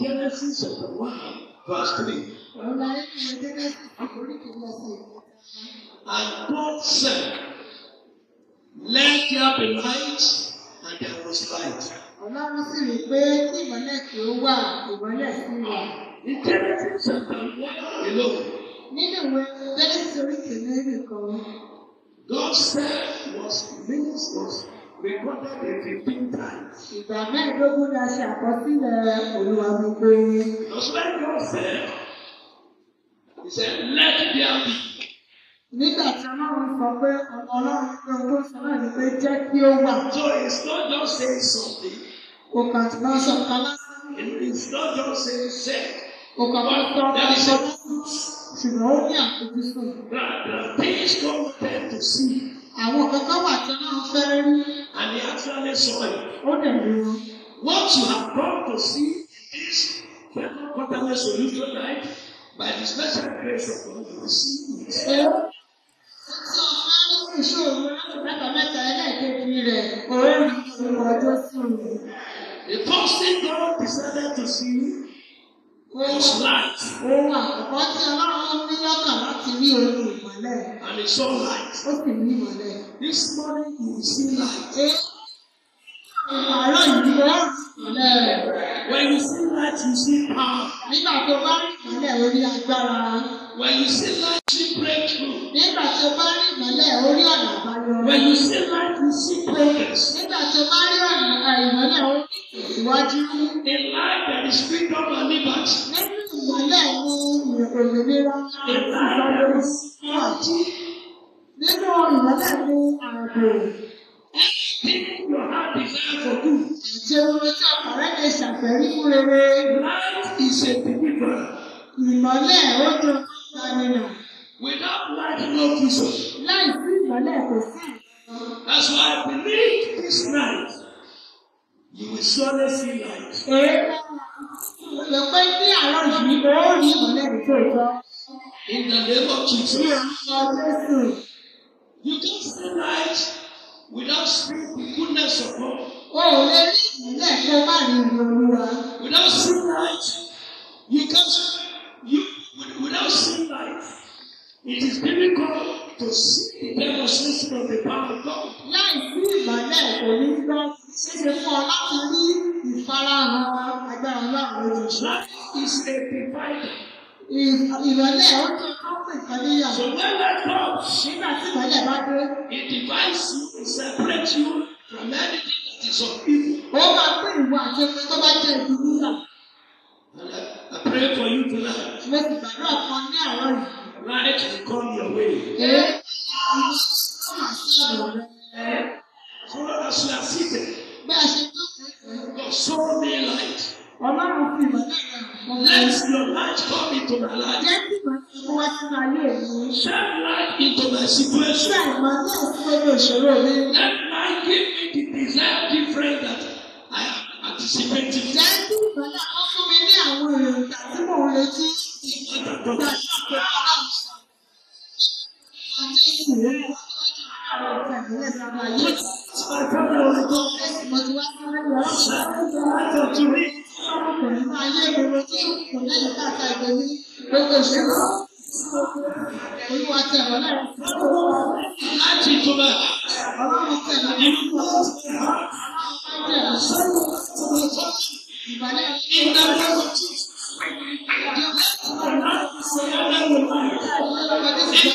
Genesis chapter 1, verse 3. And God said, Let there be light, and there was light. Ọlọ́run sì rí pé tí ìmọ́lẹ̀ kí ó wà, ìmọ́lẹ̀ sì wà. Genesis chapter 1 alone. Nínú ìwé Genesis orí kìíní nìkan. God said was means was recorded it fifteen times. Ìgbà mẹ́ẹ̀ẹ́dógún la ṣe àkọsílẹ̀ olúwa mi pé. Because when God said, he said, let there be. Nígbà tí Ọlọ́run sọ pé Ọlọ́run pé owó sọ náà ni pé jẹ́ kí ó wà. So it's not just saying something. Kò kà tí wọ́n sọ kan lásán. It's not just saying say. Kò kà wọ́n sọ kan lásán. Ṣùgbọ́n ó ní àfojúsùn. The things God tend to see. Àwọn kankan wà tí Ọlọ́run fẹ́. And he actually saw it. Ó dẹ̀ lé wọn. What you have come to see in this fellow quarterly solution life by the special grace of God you receive it. Sọ fún ìṣòro lábàmẹ́ta ẹlẹ́ẹ̀kejì rẹ̀ ọ̀rẹ́ mi ti wọ́n ọjọ́ sí mi. The first thing God decided to see. His light. Ohun àkọ́kọ́ tí Ọlọ́run ní lọ́kàn láti rí orí ìmọ̀lẹ̀. And he saw light. Ó sì rí ìmọ̀lẹ̀. This morning you will see light. Àárọ̀ ìdílé ìmọ̀lẹ̀ rẹ̀. When you see light, you see power. Nígbà tó bá rí ìmọ́lẹ̀ orí agbára. When you see light, you see breakthrough. Nígbà tó bá rí ìmọ́lẹ̀ orí ọ̀nà àbáyọ. When you see light, you see progress. Nígbà tó bá rí ọ̀nà ìmọ́lẹ̀ orí ìtẹ̀síwájú. In life that is freedom and liberty. Nínú ìmọ́lẹ̀ ni òmìnira ìgbàlódé fún àti. Nínú ìmọ́lẹ̀ ni ààbò. Keep your heart desire for good. Àti ohun tí ọkùnrin lè ṣàfẹ́rí fún rere. a deliverer. Ìmọ̀lẹ̀ Without light no prison. Láì sí ìmọ̀lẹ̀ That's why believe this you will surely see light. Èyí ló pé ní àárọ̀ yìí ó rí ìmọ̀lẹ̀ In the name of Jesus. Ní ọjọ́ Jésù. You can see light spirit the goodness of God. O ò lè rí ìpínlẹ̀ tó bá ní olúwa. Without seeing light, you can't you without seeing light, it is difficult to see the demonstration of the power of God. Láì sí ìbàlẹ̀ kò ní gbọ́, ṣíṣe fún ọ láti rí ìfarahàn agbára náà lójijì. Life is a provider. Ìrọ̀lẹ́ ó ti kọ́ pè So when that comes, nígbà tí ìrọ̀lẹ́ bá dé. It divides you, it separates you from anything that is of evil. Ó máa pín ìwà àti ẹgbẹ́ tó bá jẹ́ ìlú náà. I pray for you tonight. Mo ti gbàdúrà fún ọ ní àárọ̀ yìí. Light will come your way. Ẹ ìlú sísè máa ṣe ọ̀rọ̀ rẹ. So as you are seated. Bí a ṣe jókòó. God show me light. Ọlọ́run fi mọ̀ Let your light come into my life. Jẹ́ light into my situation. Let light give me different that I am anticipating kò ní máa yé gbogbo tí kò lẹ́yìn káàkà ìgbé ní gbogbo ìṣẹ́lú. Olúwa tẹ̀ wọ́n lẹ́yìn. Láti ìtumọ̀. Ọlọ́run tẹ̀ lọ nínú kọ́sọ́. Ọlọ́run tẹ̀ lọ sọ́dọ̀ ọ̀tọ̀. Ìbàlẹ̀ ìdájọ́ ọ̀tún. Ìjọba ìdájọ́ ọ̀tún. Ìjọba ìdájọ́ ọ̀tún.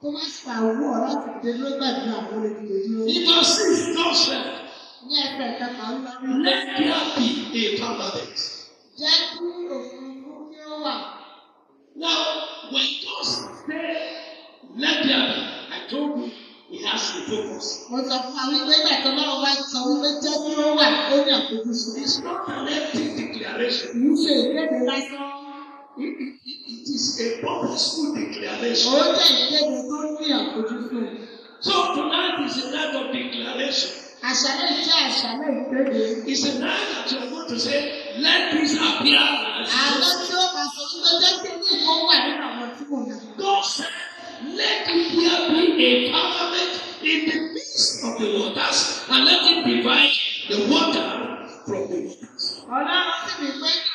Tó bá ṣe àwọ̀ láti dé ló gbàdúrà àwọn ènìyàn yìí. sí ìtọ́sẹ̀. Ní ẹgbẹ́ kẹta ń lọ. Let there be a permanent. Jẹ́ kí òfurufú kí ó wà. Now, when God say, let there be, I told you, he has to focus. Mo sọ fún àwọn ìgbẹ́ ìgbà tó náà wá sọ wípé jẹ́ kí ó wà ó ní àfojúsùn. It's not an empty declaration. Kì í ṣe ìkéde lásán. It, is a purposeful declaration. Ó jẹ́ ìkéde tó ní àfojúsùn. So tonight is a night of declaration. Àṣálẹ̀ jẹ́ àṣálẹ̀ ìkéde. It's a night that you are going to say, let this appear as. Àwọn tí ó bá sọ fún ọjọ́ tí ní ìkan wà nínú àwọn tí mo nà. God said, let India be a parliament in the midst of the waters and let it divide the water from the waters. Ọlọ́run sì ní pé kí.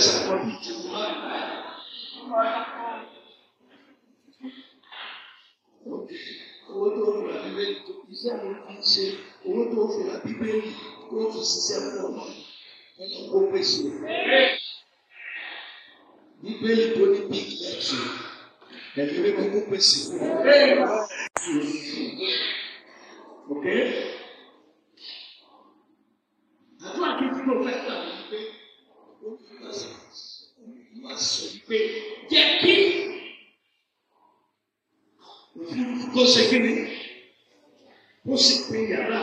essa política. owó tó fi ra bíbélì tó fi iṣẹ́ mi fi ṣe owó tó fi ra bíbélì tó fi ṣiṣẹ́ fún ọ̀nà ẹni tó pèsè bíbélì tó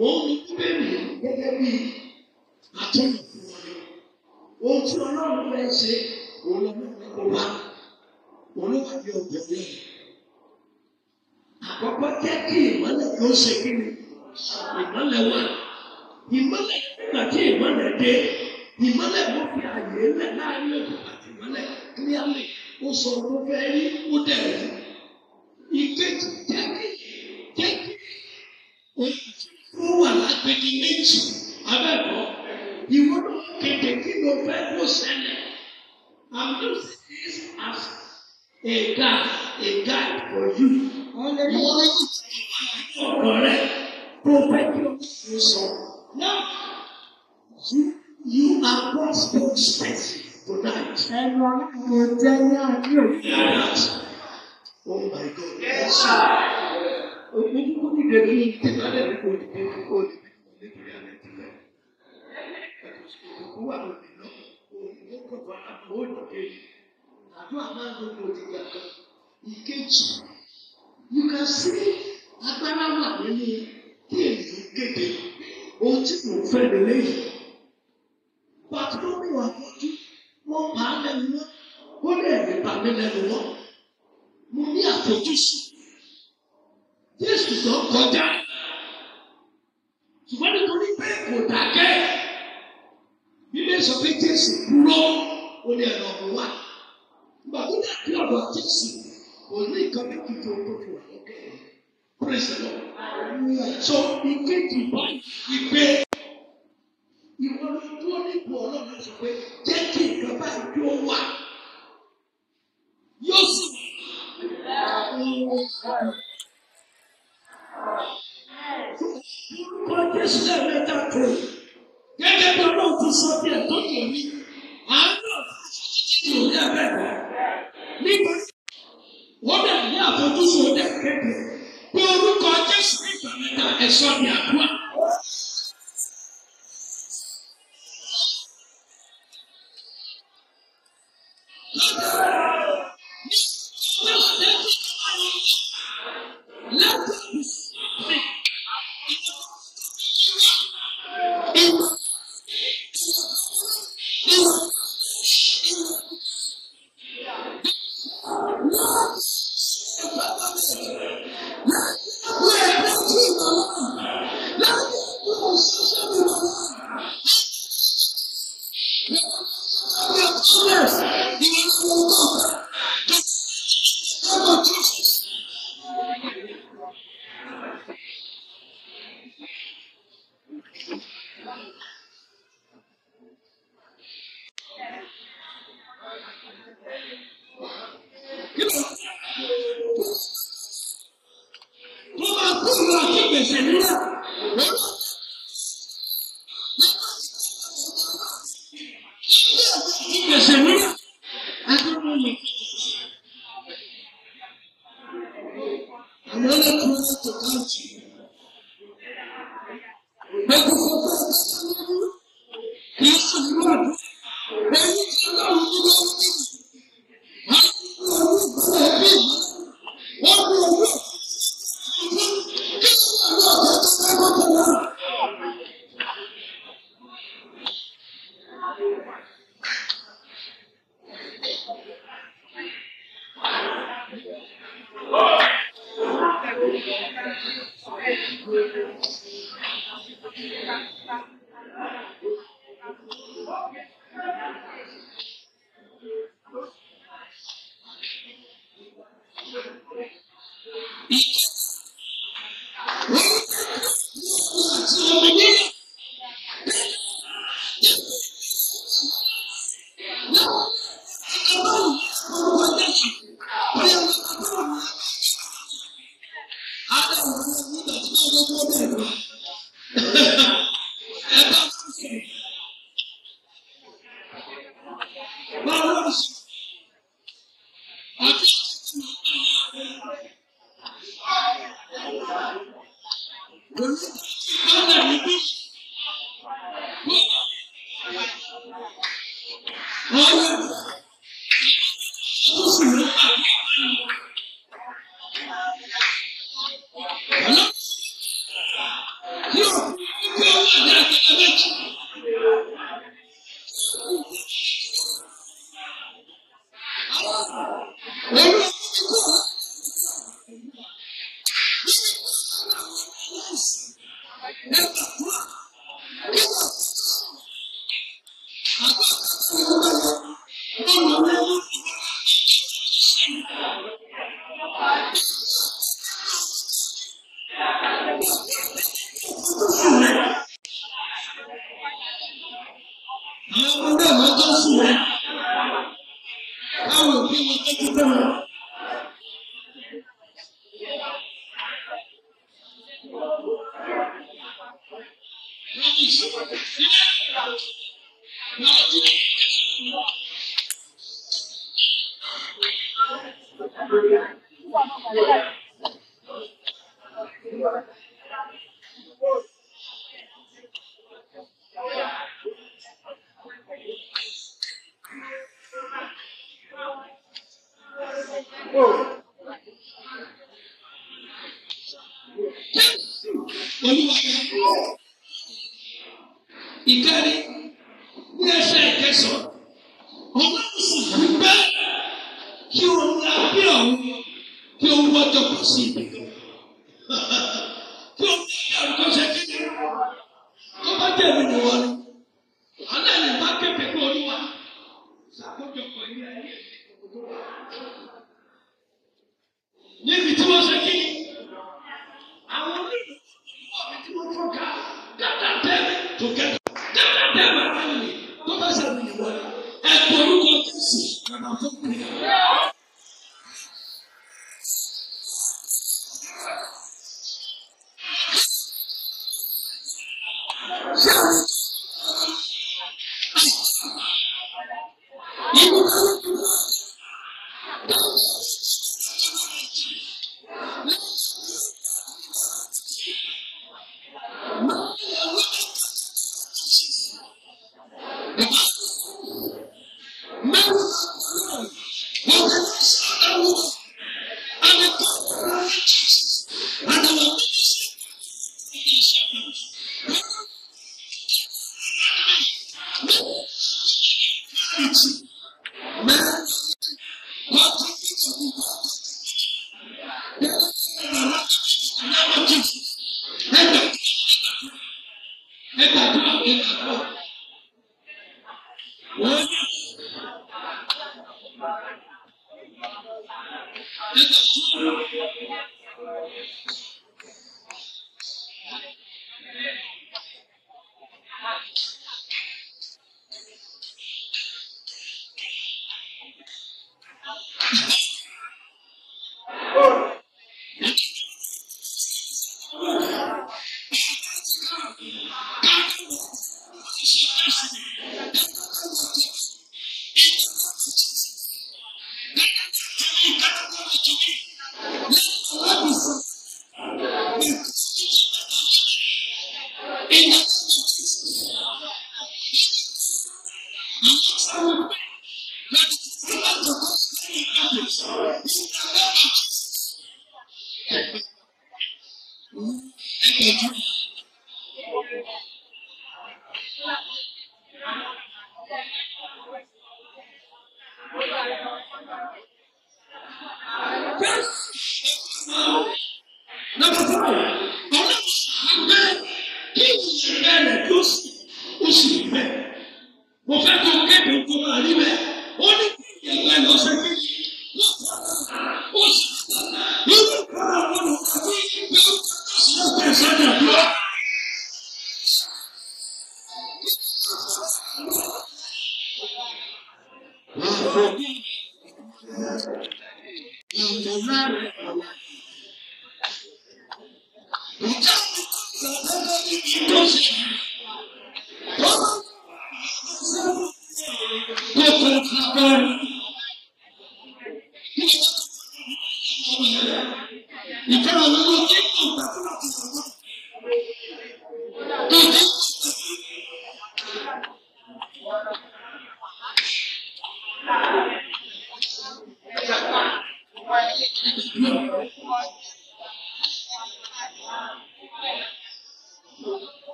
wọ́n ní bíbélì gẹ́gẹ́ bí atọ́nà fún wọn ni ohun tí ọlọ́run fẹ́ ṣe òun lọ́nà ẹ̀kọ́ wa òun ló wà ní ọ̀gbọ̀n náà àkọ́kọ́ jẹ́ kí ìmọ́lẹ̀ yóò ṣe kí ni ìmọ́lẹ̀ wà ìmọ́lẹ̀ nígbà tí ìmọ́lẹ̀ dé ìmọ́lẹ̀ ló fi àyè lẹ̀ láàrin òkú àti ìmọ́lẹ̀ kílíàlì ó sọ ọdún fẹ́ rí ó dẹ̀ rí ìkejì apèdìdì jù abẹ́kọ̀ ìwọ náà kéde kí ló fẹ́ kó ṣẹlẹ̀ I'm using this as a guide a guide for you ìwọ náà yóò tẹ̀lé ọ̀rọ̀ rẹ tó fẹ́ kí o ṣe sọ now you you are God's spokesperson tonight. ẹnu ọlọ́run ò jẹ́ ní àdúrà. Oh my God. Yes, sir. Ojú kò ní bẹ̀rẹ̀ ní ìtẹ̀lẹ́ kò ní bẹ̀rẹ̀ kò ní bẹ̀rẹ̀ nítorí àlẹ́ ti lọ. Òkú wà lónìí lọ, òyìnbó kọ̀ọ̀kan àpò òdòdó yìí. Àdúrà máa ń lo òdì yàtọ̀. Ìkejì, you can see agbára wà nínú kí èyí kéde. Ohun tí mo fẹ́ lélẹ̀ yìí. Pàtúrọ́mì wà fojú, wọ́n pa á lẹ́nu wọn, ó lè rí pàmí lẹ́nu wọn. Mo ní àfojúsùn. Jésù tó kọjá kò dákẹ́ bíbélì sọ pé jésù dúró ó ní ẹ̀rọ ọ̀gbìn wá nígbà tó ọ̀dọ̀ jésù kò ní nǹkan méjì tó tó tó wà lọ́kẹ́ praise the lord so ìkejì báyìí ìgbé ìwọ ló dúró nípò ọlọ́run sọ pé jẹ́ kí nǹkan báyìí dúró wá yóò sì ṣiṣẹ́ rẹ̀ dàkọ̀ gẹ́gẹ́ bí ọlọ́run tó sọ bí ẹ̀ tó kò ní àánú títí òní abẹ́rẹ́ nípa wọ́n bẹ̀ ní àfojúsùn ó dẹ̀ kéde orúkọ Jésù nígbà mẹ́ta ẹ̀ṣọ́ ni àdúrà. Yeah. You know, I will be a together. Dáadáa máa ń rìn tó bá ṣàmì ìwọlé. Ẹ̀kọ́ orúkọ Jésù. Bàbá fún mi. Thank you. 我是。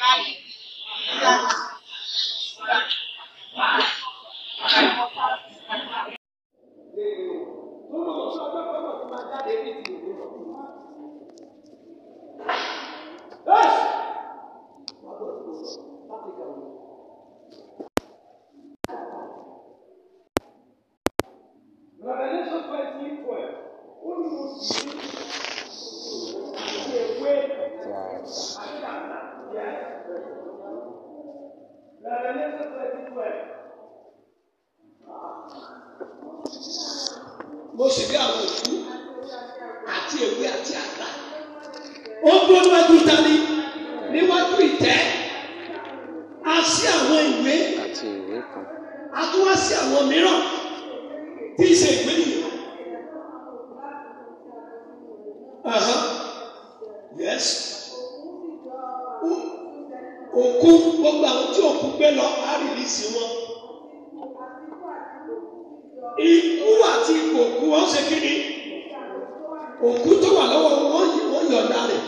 Thank you. tó wà lọ́wọ́ wọn yọ̀ǹda rẹ̀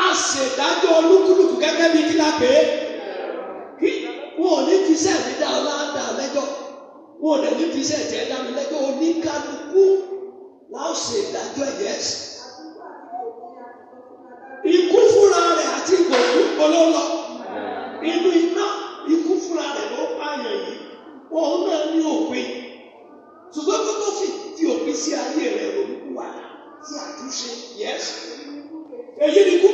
a ṣèdájọ́ olúkúlùkù gẹ́gẹ́ bí kí la pè é kí wọn ò ní fi sẹ́ẹ̀dì dá ọ láńdà lẹ́jọ́ wọn ò ní fi sẹ́ẹ̀dì ẹ̀dá mi lẹ́jọ́ oníkálukú láò ṣèdájọ́ ẹ̀yẹ́ ikú fúnra rẹ̀ àti ìgbòkú olóńlọ inú iná ikú fúnra rẹ̀ ló pààyàn yìí òun náà ní òpin ìgbésí ayé rẹ̀ olùkú wa sí àtúnṣe yẹ́sù. Èyí ni kú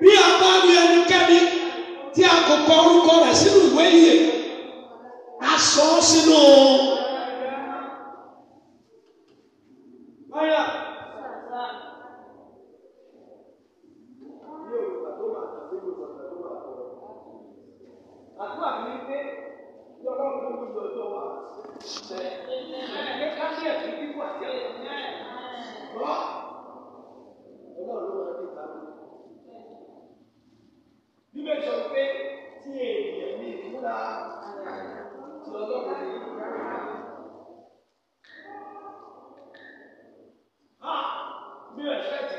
Bí a bá rí ẹnikẹ́ni tí a kò kọ orúkọ rẹ̀ sínú ìwé yìí, a sọ ọ́ sínú expect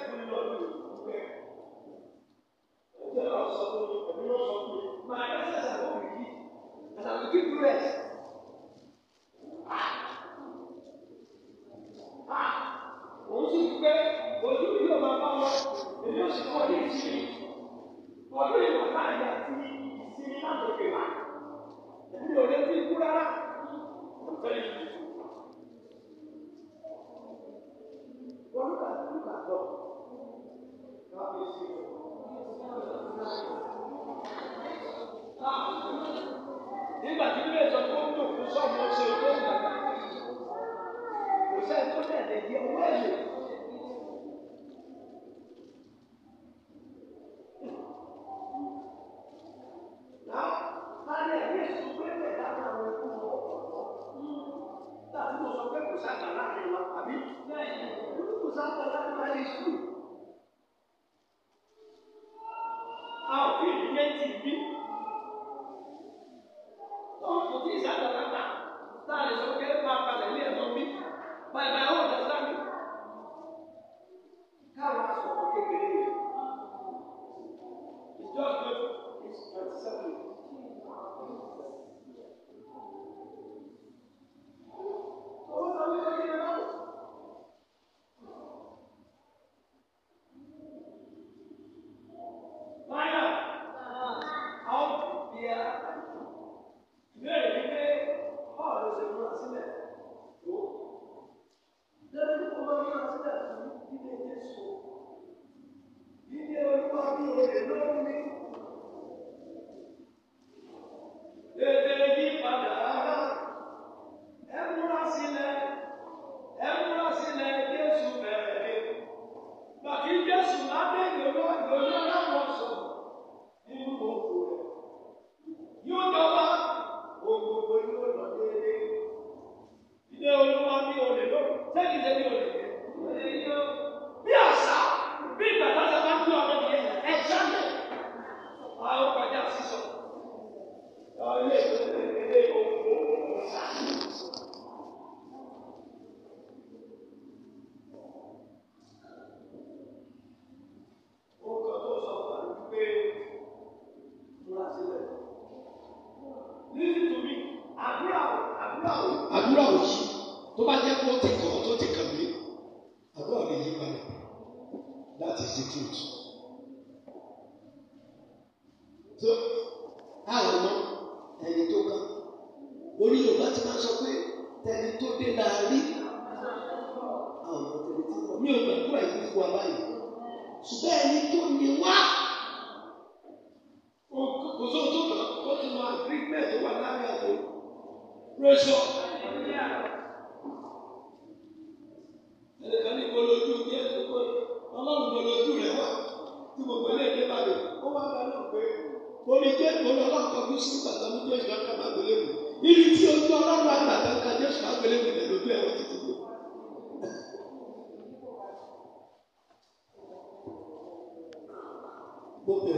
gbogbo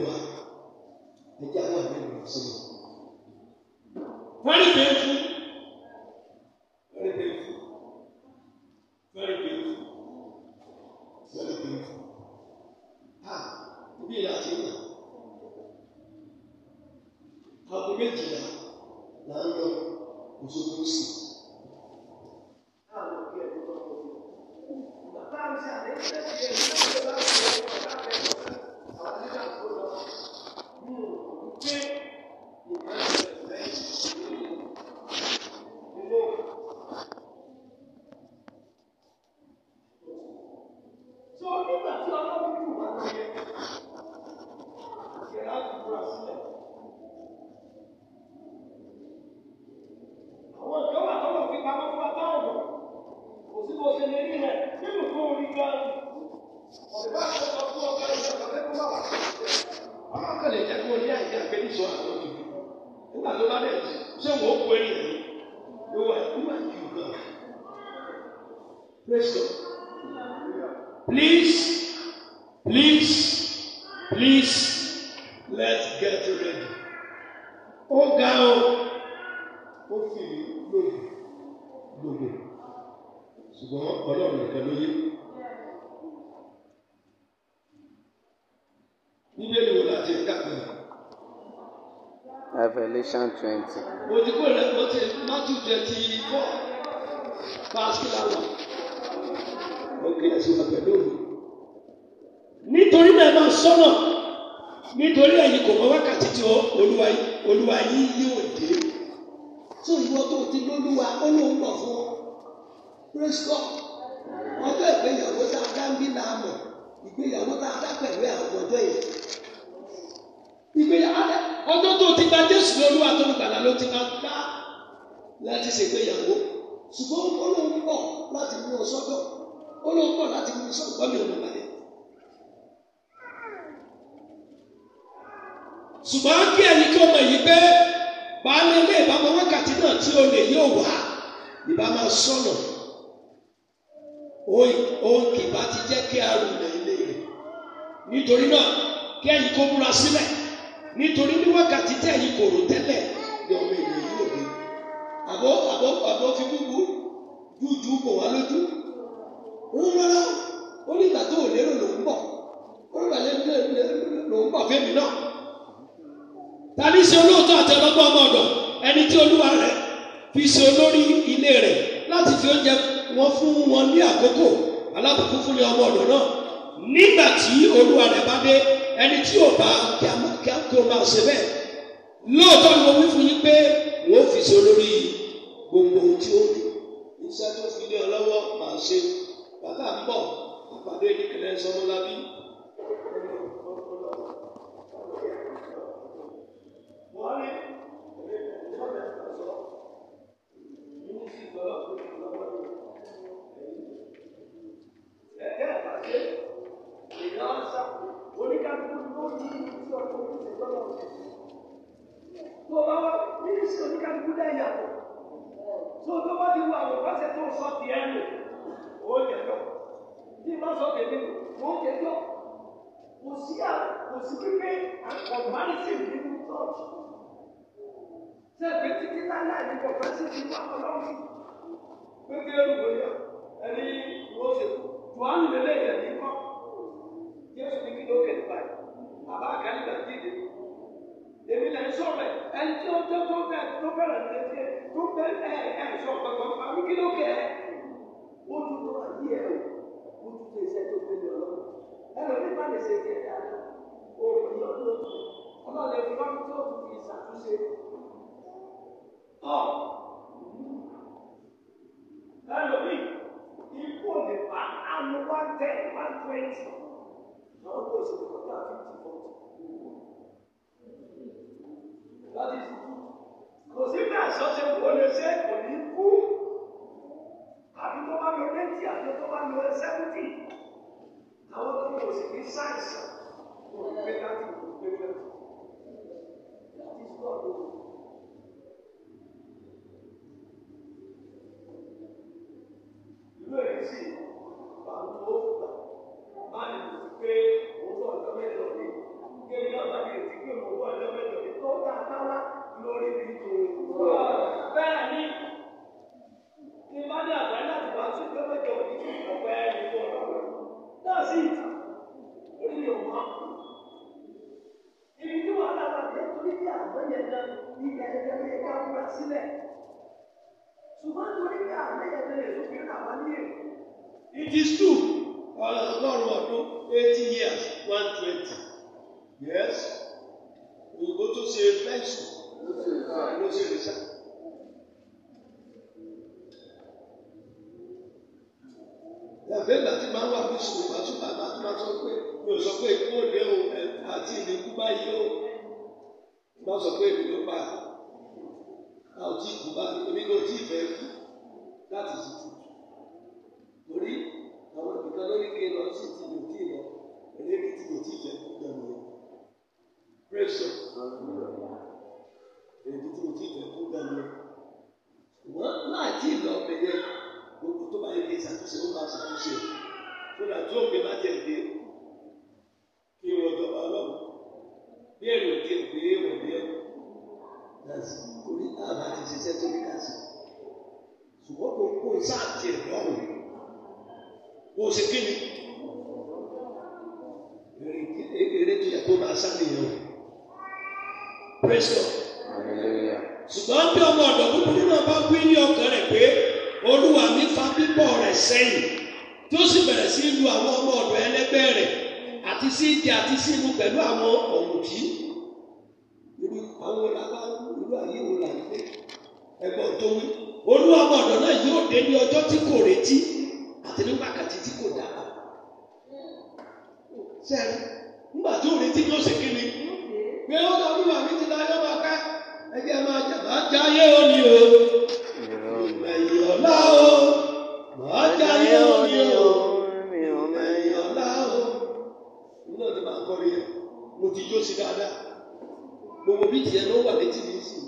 wa ẹjẹ àwọn àmì ìrìn àṣẹ wọn. wọ́n ní pé Please, please, please, let's get ready. Ó ga o, ó fi lòdì lòdì, ṣùgbọ́n ọlọ́run nìkan ló yé. Bíbélì wo láti ká pẹ̀lú? Revelation twenty. Mo ti kó rẹ̀ mo ti Matthew twenty four, Pásítọ̀ àwọn ó kílẹ̀ sí wa pẹ̀lú mi. nítorí náà máa sọ́nà nítorí ẹ̀yin kò mọ wákàtí tí olúwa yín yóò dé tó ìwọ tó ti lólúwa ó lóun bọ̀ fún ọ praise God ọjọ́ ìgbéyàwó tá a dá ń bí láàmú ìgbéyàwó tá a dá pẹ̀lú àwọn ọjọ́ yẹn ìgbéyàwó ọjọ́ tó ti gba Jésù lólúwa tó ń gbàlà ló ti máa ń dá láti ṣègbéyàwó ṣùgbọ́n olóhùn pọ̀ láti mú ọ sọ́dọ̀ olóhùn pọ̀ láti mú iṣẹ́ ọ̀gbọ́n mi ò mọ̀ láyé. ṣùgbọ́n kí ẹni kí o mọ̀ yìí pé baálé ilé ìbámu wákàtí náà tí o lè yóò wá ìbá máa sọ̀nà òun kì bá ti jẹ́ kí a rò ilẹ̀ ilé rẹ̀ nítorí náà kí ẹ̀yin kó múra sílẹ̀ nítorí ní wákàtí tẹ̀yin kò tẹ́lẹ̀ ni ọmọ ènìyàn àbó àbó àbó ti gbúgbú jújú kò wá lójú òun rárá ó ní ìgbà tó ò lérò lòún bọ̀ ó ní ìgbà lòún bọ̀ fẹ́mi náà ta ní ṣe olóòótọ́ àtẹnugbọ́n ọmọ ọ̀dọ̀ ẹni tí olúwa rẹ̀ fi ṣe olórí ilé rẹ̀ láti fi oúnjẹ wọn fún wọn ní àkókò alábùkún fún ní ọmọ ọ̀dọ̀ náà nígbà tí olúwa rẹ̀ bá dé ẹni tí ò bá kí a kí ó máa ṣe bẹ́ẹ̀ lóòótọ́ ni mo wí fún yín pé wọ́n fi ṣe olórí yìí gbogbo ohun tí ó dùn iṣẹ́ tó fi lé ọ lọ́wọ́ máa ṣe bàbá ń bọ̀ àpàdé nìkìlẹ̀ sọmọlábí. wọ́n rí ọ̀rẹ́ ìfọ̀sọ́ nínú sí ìgbọ́lọ́pọ̀ ìfọ̀lọ́pọ̀ ẹ̀kẹ́ àpàṣẹ ìyá ọ̀sà oníkàtúkù ló ní ìṣòro ìṣèjọba tó bá wà nínú sí oníkàtúkù dá ìyàtọ̀ tó tó bá ti wọ àwọn ìpàṣẹ tó sọ ti ẹ ó jẹjọ bí má sọ tèmi ó jẹjọ kò sí à kò sí pípé àkọ̀mánìsì nínú tọ́ọ̀tù sẹ́ẹ̀pẹ́ títí láíláì ní kọ̀mánìsì ti wà ọlọ́run pé kí ló ń wòye ẹni ìwọ ṣètò tùwánù lélẹ́yìn ẹ̀ ní kọ́ jésù ní kí ló kéde báyìí bàbá àkàlì gbàgede èmi lẹ́ sọ̀rọ̀ ẹ̀ ẹni tí ó tó tó bẹ́ẹ̀ tó bẹ̀rẹ̀ ní ẹ̀ tó bẹ ẹ ẹ sọ gbọgbọ àmì kí ló kẹ ẹ ó tún tó ayé ẹ o ó tún tó iṣẹ́ tó gbélé ọlọ́run ẹ lọ nípa lè ṣe tiẹ̀ dáadáa o ò ní ọdún tó ọlọ́run ẹni wọn tó fi ṣàtúnṣe ọ lálọ́bí ikú òde pa àwọn one ten one twenty àwọn tó ṣe kọjá fifty forty that kò sígbà sọ́sẹ̀ kò lè ṣe kò ní kú àbí tó bá lọ twenty àbí tó bá lọ seventy àwọn tó kò sì ní sáìsàn kò ní pé láti kò ní pé twenty that is God ṣe dáadáa gbogbo bí tìyẹn ló wà létí mi sí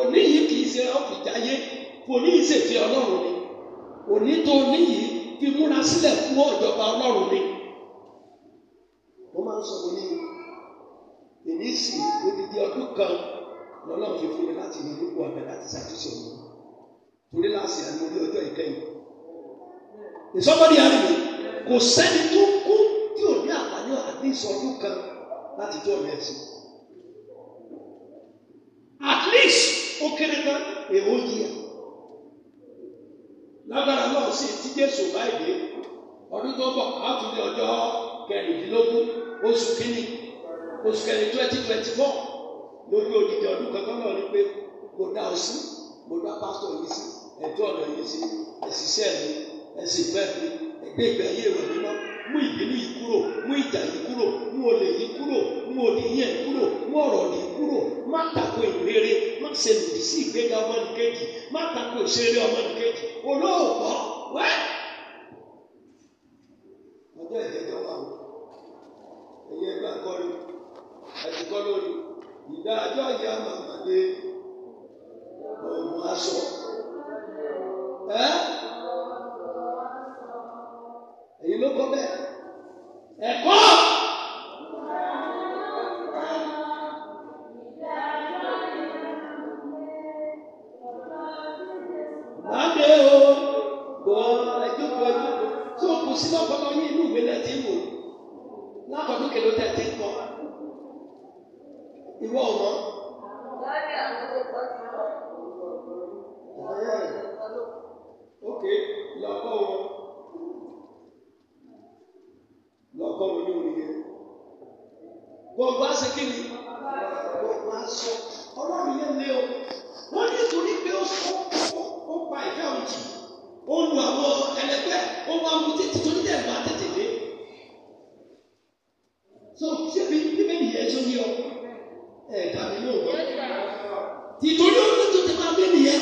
òní yìí kì í ṣe ọ̀fìjà yé òní yìí ṣètì ọlọ́run ni òní tó ní yìí fi múra sílẹ̀ fún ọ̀jọba ọlọ́run ni mo máa ń sọ wọn ní èmi sì odidi ọdún kan lọ́lọ́run fi fún mi láti ní gbogbo abẹ láti ṣàtúnṣe mi torí láti àná orí ọjọ́ ìkẹyìn ìsọfọ́dí àrùn kò sẹ́ni tó sọdún kan láti jọ rẹ̀ sí. at least ó kéré tán èèwọ̀ yíyà lágbára náà sì ti Jésù báyìí dé ọdún tó bọ̀ látúndé ọjọ́ kẹrìndínlógún oṣù kínní oṣù kẹrin twenty twenty four lórí odidi ọdún kankan náà ni pé mo dá ọ sí mo dá pásítọ̀ yìí sí ẹ̀tọ́ ọ̀dọ̀ yìí sí ẹ̀sìṣẹ́ mi ẹ̀sìn ìfẹ́ mi ẹ̀gbẹ́ ìgbẹ́ yìí èrò mi mú ìbínú yìí kúrò mú ìjà yìí kúrò mú olè yìí kúrò mú òdìyí ẹ̀ kúrò mú ọ̀rọ̀ yìí kúrò má tako ìrere má ṣe lòdì sí ìgbéga ọmọnìkejì má tako ìṣeré ọmọnìkejì olóògbọ́ wẹ́. ọjọ́ ìdẹ́jọ́ wà wọ́n ẹ̀yẹ gbà kọ́ni ẹ̀sìn kọ́ lórí ìdájọ́ ìyá màmá lé ọ̀nà aṣọ èyí ló kọ́ bẹ́ẹ̀ ẹ̀kọ́. so ṣé bí bíbélì yẹn tún yọ ẹ̀ dàbí yóò wọ́n. tìtorí ó ní tó ti máa bẹ́ẹ̀ nìyẹn.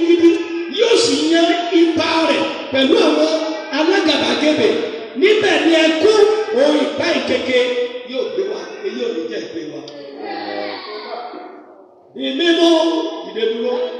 gidigidi yóò sì yan ipa rẹ̀ pẹ̀lú àwọn alágàbàgebè níbẹ̀ ni ẹkún ohun ìpá ìkeke yóò gbé wa èyí ò ní jẹ́ ìgbé wa. ìmímú ìdèdúró.